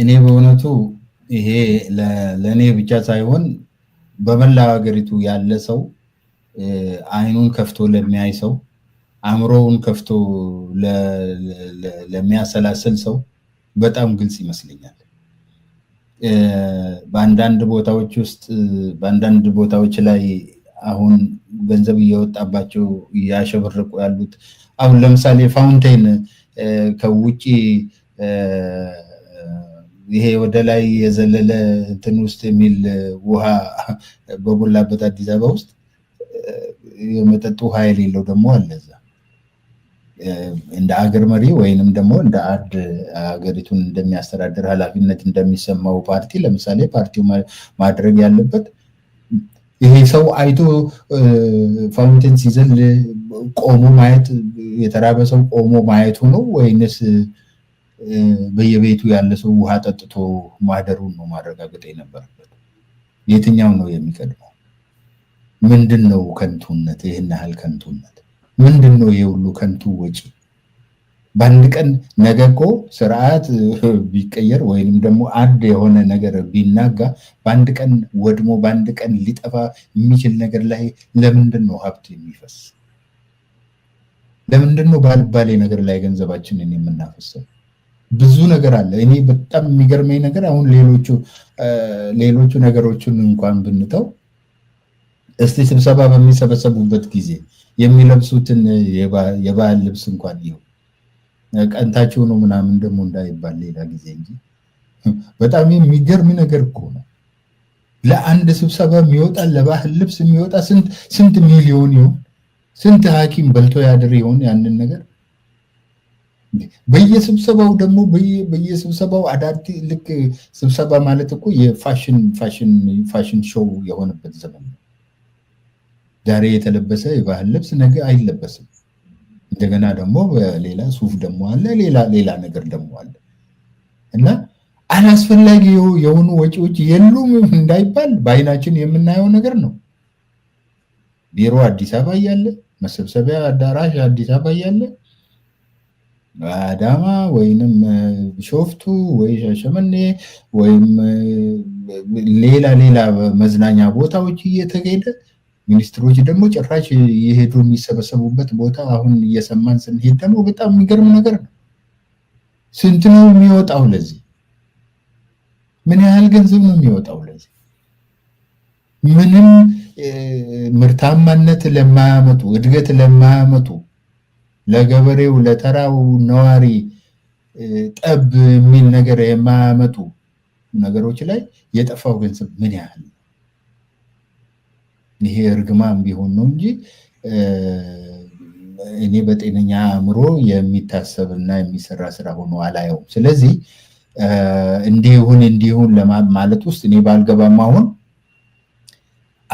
እኔ በእውነቱ ይሄ ለእኔ ብቻ ሳይሆን በመላ ሀገሪቱ ያለ ሰው አይኑን ከፍቶ ለሚያይ ሰው አእምሮውን ከፍቶ ለሚያሰላስል ሰው በጣም ግልጽ ይመስለኛል። በአንዳንድ ቦታዎች ውስጥ በአንዳንድ ቦታዎች ላይ አሁን ገንዘብ እየወጣባቸው እያሸበረቁ ያሉት አሁን ለምሳሌ ፋውንቴን ከውጭ ይሄ ወደ ላይ የዘለለ እንትን ውስጥ የሚል ውሃ በሞላበት አዲስ አበባ ውስጥ የመጠጥ ውሃ የሌለው ደግሞ አለ እዛ። እንደ አገር መሪ ወይንም ደግሞ እንደ አንድ ሀገሪቱን እንደሚያስተዳድር ኃላፊነት እንደሚሰማው ፓርቲ ለምሳሌ ፓርቲው ማድረግ ያለበት ይሄ ሰው አይቶ ፋውንቴን ሲዘል ቆሞ ማየት የተራበ ሰው ቆሞ ማየቱ ነው ወይንስ በየቤቱ ያለ ሰው ውሃ ጠጥቶ ማደሩን ነው ማረጋገጥ የነበረበት። የትኛው ነው የሚቀድመው? ምንድን ነው ከንቱነት? ይህን ያህል ከንቱነት ምንድን ነው? የሁሉ ከንቱ ወጪ በአንድ ቀን ነገ እኮ ስርዓት ቢቀየር ወይም ደግሞ አንድ የሆነ ነገር ቢናጋ በአንድ ቀን ወድሞ በአንድ ቀን ሊጠፋ የሚችል ነገር ላይ ለምንድን ነው ሀብት የሚፈስ? ለምንድን ነው ባልባሌ ነገር ላይ ገንዘባችንን የምናፈሰው? ብዙ ነገር አለ። እኔ በጣም የሚገርመኝ ነገር አሁን ሌሎቹ ሌሎቹ ነገሮችን እንኳን ብንተው እስቲ ስብሰባ በሚሰበሰቡበት ጊዜ የሚለብሱትን የባህል ልብስ እንኳን ይሁ ቀንታቸው ነው ምናምን ደግሞ እንዳይባል ሌላ ጊዜ እንጂ በጣም የሚገርም ነገር እኮ ነው። ለአንድ ስብሰባ የሚወጣ ለባህል ልብስ የሚወጣ ስንት ሚሊዮን ይሆን? ስንት ሐኪም በልቶ ያድር ይሆን ያንን ነገር በየስብሰባው ደግሞ በየስብሰባው አዳዲ ልክ ስብሰባ ማለት እኮ የፋሽን ፋሽን ፋሽን ሾው የሆነበት ዘመን ነው። ዛሬ የተለበሰ የባህል ልብስ ነገ አይለበስም። እንደገና ደግሞ በሌላ ሱፍ ደግሞ አለ፣ ሌላ ሌላ ነገር ደግሞ አለ እና አላስፈላጊ የሆኑ ወጪዎች የሉም እንዳይባል በአይናችን የምናየው ነገር ነው። ቢሮ አዲስ አበባ እያለ መሰብሰቢያ አዳራሽ አዲስ አበባ እያለ አዳማ ወይንም ቢሾፍቱ ወይ ሻሸመኔ ወይም ሌላ ሌላ መዝናኛ ቦታዎች እየተሄደ ሚኒስትሮች ደግሞ ጭራሽ እየሄዱ የሚሰበሰቡበት ቦታ አሁን እየሰማን ስንሄድ ደግሞ በጣም የሚገርም ነገር ነው። ስንት ነው የሚወጣው ለዚህ? ምን ያህል ገንዘብ ነው የሚወጣው ለዚህ? ምንም ምርታማነት ለማያመጡ እድገት ለማያመጡ ለገበሬው ለተራው ነዋሪ ጠብ የሚል ነገር የማያመጡ ነገሮች ላይ የጠፋው ገንዘብ ምን ያህል ነው? ይሄ እርግማን ቢሆን ነው እንጂ እኔ በጤነኛ አእምሮ የሚታሰብና የሚሰራ ስራ ሆኖ አላየውም። ስለዚህ እንዲሁን እንዲሁን ማለት ውስጥ እኔ ባልገባም አሁን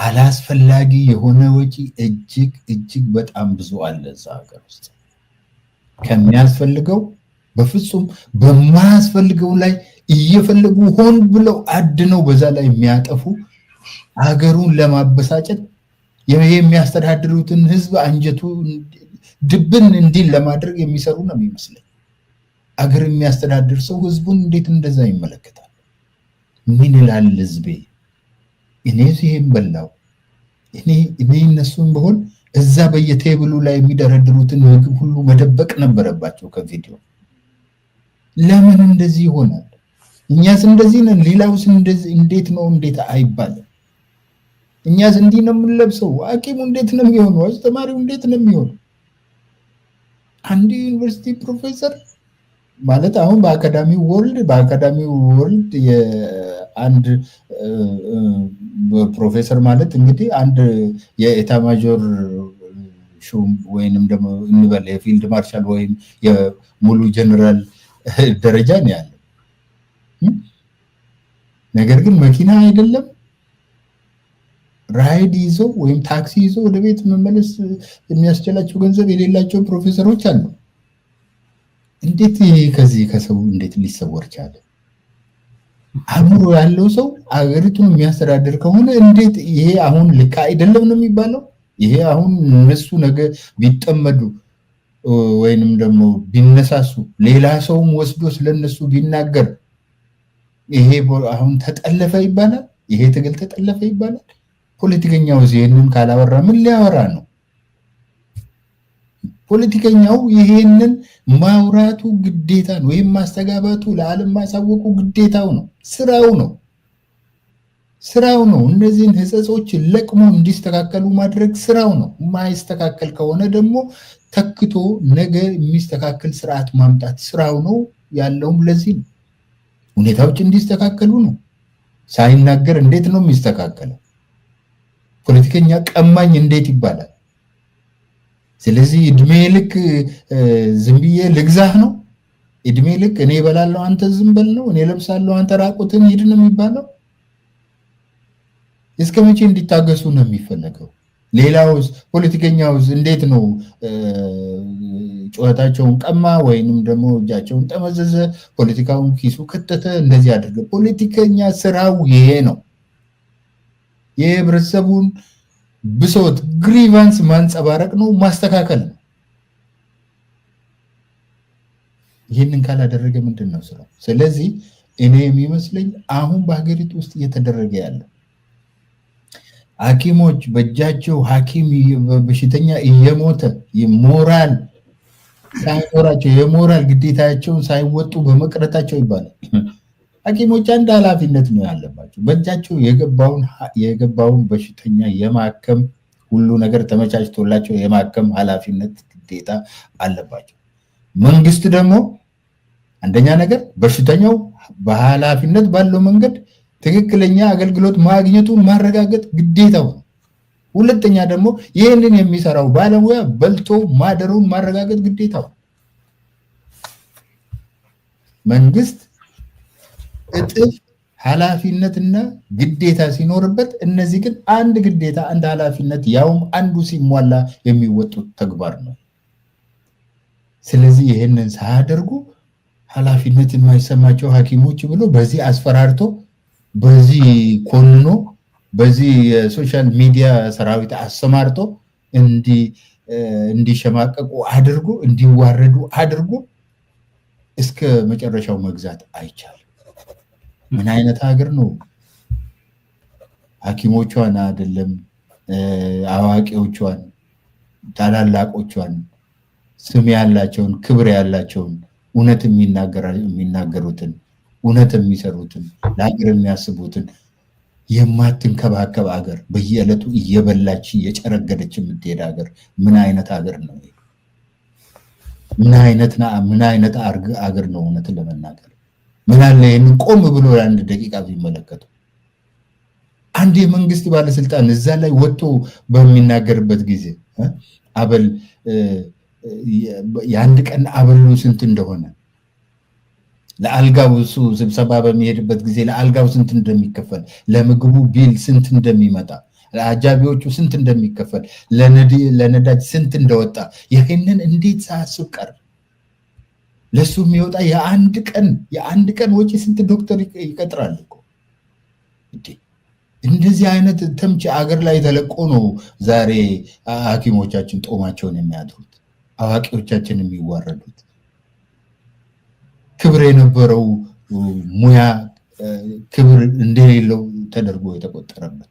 አላስፈላጊ የሆነ ወጪ እጅግ እጅግ በጣም ብዙ አለ እዛ ሀገር ውስጥ። ከሚያስፈልገው በፍጹም በማያስፈልገው ላይ እየፈለጉ ሆን ብለው አድነው በዛ ላይ የሚያጠፉ ሀገሩን ለማበሳጨት የሚያስተዳድሩትን ህዝብ አንጀቱ ድብን እንዲል ለማድረግ የሚሰሩ ነው የሚመስለኝ። አገር የሚያስተዳድር ሰው ህዝቡን እንዴት እንደዛ ይመለከታል? ምን ይላል ህዝቤ? እኔ ይህም በላው እኔ እነሱን በሆን እዛ በየቴብሉ ላይ የሚደረድሩትን ምግብ ሁሉ መደበቅ ነበረባቸው ከቪዲዮ። ለምን እንደዚህ ይሆናል? እኛስ እንደዚህ ነን፣ ሌላውስ እንዴት ነው? እንዴት አይባልም። እኛስ እንዲህ ነው የምንለብሰው፣ ሐኪሙ እንዴት ነው የሚሆነው? አስተማሪው እንዴት ነው የሚሆነው? አንድ ዩኒቨርሲቲ ፕሮፌሰር ማለት አሁን በአካዳሚው ወርልድ በአካዳሚው ወርልድ የአንድ ፕሮፌሰር ማለት እንግዲህ አንድ የኤታ ማጆር ሹም ወይንም ደግሞ እንበል የፊልድ ማርሻል ወይም የሙሉ ጀነራል ደረጃ ነው ያለው። ነገር ግን መኪና አይደለም ራይድ ይዞ ወይም ታክሲ ይዞ ወደ ቤት መመለስ የሚያስችላቸው ገንዘብ የሌላቸው ፕሮፌሰሮች አሉ። እንዴት ከዚህ ከሰው እንዴት ሊሰወር ቻለ? አእምሮ ያለው ሰው አገሪቱን የሚያስተዳድር ከሆነ እንዴት ይሄ አሁን ልክ አይደለም ነው የሚባለው? ይሄ አሁን እነሱ ነገ ቢጠመዱ ወይንም ደግሞ ቢነሳሱ ሌላ ሰውም ወስዶ ስለነሱ ቢናገር ይሄ አሁን ተጠለፈ ይባላል። ይሄ ትግል ተጠለፈ ይባላል። ፖለቲከኛው ይህንን ካላወራ ምን ሊያወራ ነው? ፖለቲከኛው ይሄንን ማውራቱ ግዴታ ነው። ወይም ማስተጋባቱ ለዓለም ማሳወቁ ግዴታው ነው፣ ስራው ነው። ስራው ነው። እነዚህን ህጸጾችን ለቅሞ እንዲስተካከሉ ማድረግ ስራው ነው። ማይስተካከል ከሆነ ደግሞ ተክቶ ነገ የሚስተካከል ስርዓት ማምጣት ስራው ነው። ያለውም ለዚህ ነው። ሁኔታዎች እንዲስተካከሉ ነው። ሳይናገር እንዴት ነው የሚስተካከለው? ፖለቲከኛ ቀማኝ እንዴት ይባላል? ስለዚህ እድሜ ልክ ዝም ብዬ ልግዛህ ነው። እድሜ ልክ እኔ እበላለሁ አንተ ዝም በል ነው። እኔ ለብሳለሁ አንተ ራቁትን ሂድ ነው የሚባለው። እስከ መቼ እንዲታገሱ ነው የሚፈለገው? ሌላውስ ፖለቲከኛውስ እንዴት ነው ጩኸታቸውን ቀማ ወይንም ደግሞ እጃቸውን ጠመዘዘ፣ ፖለቲካውን ኪሱ ከተተ፣ እንደዚህ አድርገ። ፖለቲከኛ ስራው ይሄ ነው። የህብረተሰቡን ብሶት ግሪቫንስ ማንጸባረቅ ነው፣ ማስተካከል ነው። ይህንን ካላደረገ ምንድን ነው ስራው? ስለዚህ እኔ የሚመስለኝ አሁን በሀገሪቱ ውስጥ እየተደረገ ያለው ሐኪሞች በእጃቸው ሐኪም በሽተኛ እየሞተ ሞራል ሳይኖራቸው የሞራል ግዴታቸውን ሳይወጡ በመቅረታቸው ይባላል። ሐኪሞች አንድ ኃላፊነት ነው ያለባቸው። በእጃቸው የገባውን የገባውን በሽተኛ የማከም ሁሉ ነገር ተመቻችቶላቸው የማከም ኃላፊነት ግዴታ አለባቸው። መንግስት ደግሞ አንደኛ ነገር በሽተኛው በኃላፊነት ባለው መንገድ ትክክለኛ አገልግሎት ማግኘቱን ማረጋገጥ ግዴታው ነው። ሁለተኛ ደግሞ ይህንን የሚሰራው ባለሙያ በልቶ ማደሩን ማረጋገጥ ግዴታው ነው። መንግስት እጥፍ ኃላፊነትና ግዴታ ሲኖርበት፣ እነዚህ ግን አንድ ግዴታ አንድ ኃላፊነት ያውም አንዱ ሲሟላ የሚወጡት ተግባር ነው። ስለዚህ ይህንን ሳያደርጉ ኃላፊነት የማይሰማቸው ሐኪሞች ብሎ በዚህ አስፈራርቶ በዚህ ኮንኖ በዚህ የሶሻል ሚዲያ ሰራዊት አሰማርቶ እንዲሸማቀቁ አድርጎ እንዲዋረዱ አድርጎ እስከ መጨረሻው መግዛት አይቻልም። ምን አይነት ሀገር ነው? ሐኪሞቿን አይደለም አዋቂዎቿን፣ ታላላቆቿን፣ ስም ያላቸውን፣ ክብር ያላቸውን፣ እውነት የሚናገሩትን እውነት የሚሰሩትን ለሀገር የሚያስቡትን የማትንከባከብ ሀገር በየዕለቱ እየበላች እየጨረገደች የምትሄድ ሀገር ምን አይነት ሀገር ነው? ምን አይነት ምን አይነት ሀገር ነው? እውነትን ለመናገር ምን አለ ይህንን ቆም ብሎ ለአንድ ደቂቃ ቢመለከቱ አንድ የመንግስት ባለስልጣን እዛ ላይ ወጥቶ በሚናገርበት ጊዜ አበል የአንድ ቀን አበሉ ስንት እንደሆነ ለአልጋው እሱ ስብሰባ በሚሄድበት ጊዜ ለአልጋው ስንት እንደሚከፈል፣ ለምግቡ ቢል ስንት እንደሚመጣ፣ ለአጃቢዎቹ ስንት እንደሚከፈል፣ ለነዳጅ ስንት እንደወጣ ይህንን እንዴት ሳያስብ ቀር ለሱ የሚወጣ የአንድ ቀን የአንድ ቀን ወጪ ስንት ዶክተር ይቀጥራል እኮ። እንደዚህ አይነት ተምች አገር ላይ ተለቆ ነው ዛሬ ሐኪሞቻችን ጦማቸውን የሚያድሩት አዋቂዎቻችን የሚዋረዱት። ክብር የነበረው ሙያ ክብር እንደሌለው ተደርጎ የተቆጠረበት